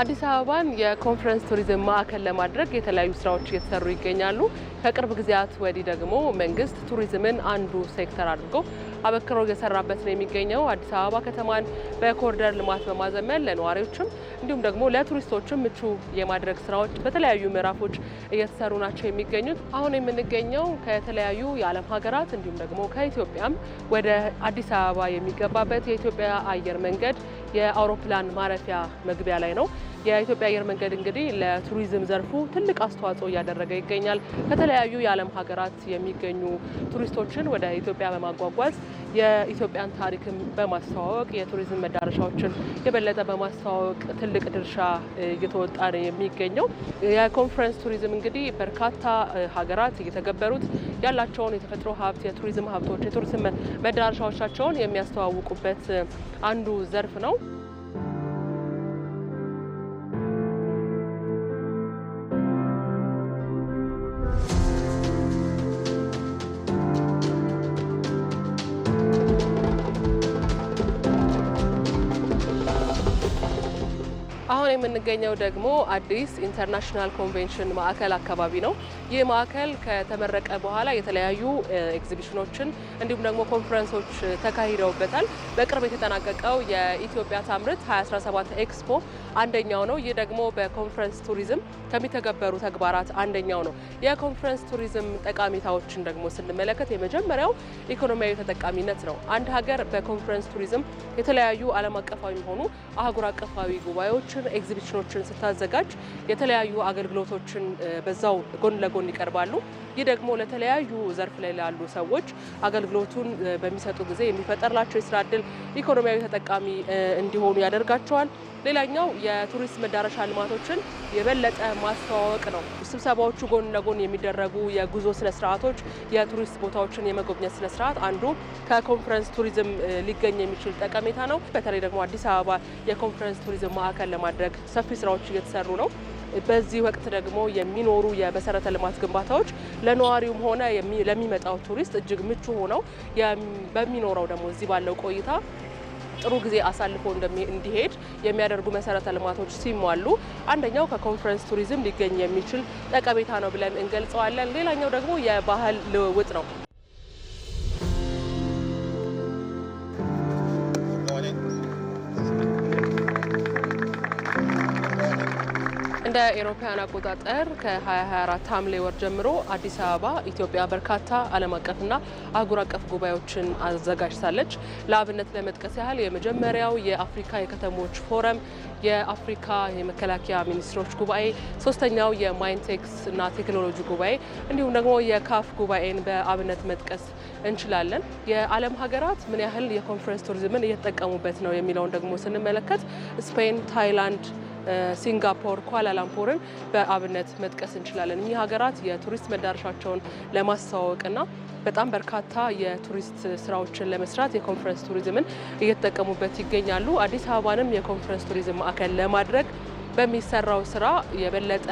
አዲስ አበባን የኮንፈረንስ ቱሪዝም ማዕከል ለማድረግ የተለያዩ ስራዎች እየተሰሩ ይገኛሉ። ከቅርብ ጊዜያት ወዲህ ደግሞ መንግስት ቱሪዝምን አንዱ ሴክተር አድርጎ አበክሮ እየሰራበት ነው የሚገኘው። አዲስ አበባ ከተማን በኮሪደር ልማት በማዘመን ለነዋሪዎችም እንዲሁም ደግሞ ለቱሪስቶችም ምቹ የማድረግ ስራዎች በተለያዩ ምዕራፎች እየተሰሩ ናቸው የሚገኙት። አሁን የምንገኘው ከተለያዩ የዓለም ሀገራት እንዲሁም ደግሞ ከኢትዮጵያም ወደ አዲስ አበባ የሚገባበት የኢትዮጵያ አየር መንገድ የአውሮፕላን ማረፊያ መግቢያ ላይ ነው። የኢትዮጵያ አየር መንገድ እንግዲህ ለቱሪዝም ዘርፉ ትልቅ አስተዋጽኦ እያደረገ ይገኛል። ከተለያዩ የዓለም ሀገራት የሚገኙ ቱሪስቶችን ወደ ኢትዮጵያ በማጓጓዝ የኢትዮጵያን ታሪክም በማስተዋወቅ የቱሪዝም መዳረሻዎችን የበለጠ በማስተዋወቅ ትልቅ ድርሻ እየተወጣ ነው የሚገኘው። የኮንፈረንስ ቱሪዝም እንግዲህ በርካታ ሀገራት እየተገበሩት ያላቸውን የተፈጥሮ ሀብት፣ የቱሪዝም ሀብቶች፣ የቱሪዝም መዳረሻዎቻቸውን የሚያስተዋውቁበት አንዱ ዘርፍ ነው። አሁን የምንገኘው ደግሞ አዲስ ኢንተርናሽናል ኮንቬንሽን ማዕከል አካባቢ ነው። ይህ ማዕከል ከተመረቀ በኋላ የተለያዩ ኤግዚቢሽኖችን እንዲሁም ደግሞ ኮንፈረንሶች ተካሂደውበታል። በቅርብ የተጠናቀቀው የኢትዮጵያ ታምርት 2017 ኤክስፖ አንደኛው ነው። ይህ ደግሞ በኮንፈረንስ ቱሪዝም ከሚተገበሩ ተግባራት አንደኛው ነው። የኮንፈረንስ ቱሪዝም ጠቃሜታዎችን ደግሞ ስንመለከት የመጀመሪያው ኢኮኖሚያዊ ተጠቃሚነት ነው። አንድ ሀገር በኮንፈረንስ ቱሪዝም የተለያዩ ዓለም አቀፋዊ የሆኑ አህጉር አቀፋዊ ጉባኤዎችን ኤግዚቢሽኖችን ስታዘጋጅ የተለያዩ አገልግሎቶችን በዛው ጎን ለጎን ይቀርባሉ። ይህ ደግሞ ለተለያዩ ዘርፍ ላይ ላሉ ሰዎች አገልግሎቱን በሚሰጡ ጊዜ የሚፈጠርላቸው የስራ እድል ኢኮኖሚያዊ ተጠቃሚ እንዲሆኑ ያደርጋቸዋል። ሌላኛው የቱሪስት መዳረሻ ልማቶችን የበለጠ ማስተዋወቅ ነው። ስብሰባዎቹ ጎን ለጎን የሚደረጉ የጉዞ ስነስርዓቶች፣ የቱሪስት ቦታዎችን የመጎብኘት ስነስርዓት አንዱ ከኮንፈረንስ ቱሪዝም ሊገኝ የሚችል ጠቀሜታ ነው። በተለይ ደግሞ አዲስ አበባ የኮንፈረንስ ቱሪዝም ማዕከል ለማድረግ ሰፊ ስራዎች እየተሰሩ ነው። በዚህ ወቅት ደግሞ የሚኖሩ የመሰረተ ልማት ግንባታዎች ለነዋሪውም ሆነ ለሚመጣው ቱሪስት እጅግ ምቹ ሆነው በሚኖረው ደግሞ እዚህ ባለው ቆይታ ጥሩ ጊዜ አሳልፎ እንዲሄድ የሚያደርጉ መሰረተ ልማቶች ሲሟሉ አንደኛው ከኮንፈረንስ ቱሪዝም ሊገኝ የሚችል ጠቀሜታ ነው ብለን እንገልጸዋለን። ሌላኛው ደግሞ የባህል ልውውጥ ነው። እንደ ኤሮፓያን አቆጣጠር ከ2024 ሐምሌ ወር ጀምሮ አዲስ አበባ ኢትዮጵያ በርካታ ዓለም አቀፍና አህጉር አቀፍ ጉባኤዎችን አዘጋጅታለች። ለአብነት ለመጥቀስ ያህል የመጀመሪያው የአፍሪካ የከተሞች ፎረም፣ የአፍሪካ የመከላከያ ሚኒስትሮች ጉባኤ፣ ሶስተኛው የማይንቴክስ እና ቴክኖሎጂ ጉባኤ እንዲሁም ደግሞ የካፍ ጉባኤን በአብነት መጥቀስ እንችላለን። የዓለም ሀገራት ምን ያህል የኮንፈረንስ ቱሪዝምን እየተጠቀሙበት ነው የሚለውን ደግሞ ስንመለከት ስፔን፣ ታይላንድ ሲንጋፖር፣ ኳላላምፖርን በአብነት መጥቀስ እንችላለን። እኚህ ሀገራት የቱሪስት መዳረሻቸውን ለማስተዋወቅና በጣም በርካታ የቱሪስት ስራዎችን ለመስራት የኮንፈረንስ ቱሪዝምን እየተጠቀሙበት ይገኛሉ። አዲስ አበባንም የኮንፈረንስ ቱሪዝም ማዕከል ለማድረግ በሚሰራው ስራ የበለጠ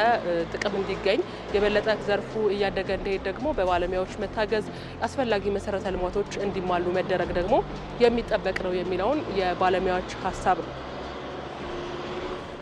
ጥቅም እንዲገኝ የበለጠ ዘርፉ እያደገ እንዲሄድ ደግሞ በባለሙያዎች መታገዝ አስፈላጊ መሰረተ ልማቶች እንዲሟሉ መደረግ ደግሞ የሚጠበቅ ነው የሚለውን የባለሙያዎች ሀሳብ ነው።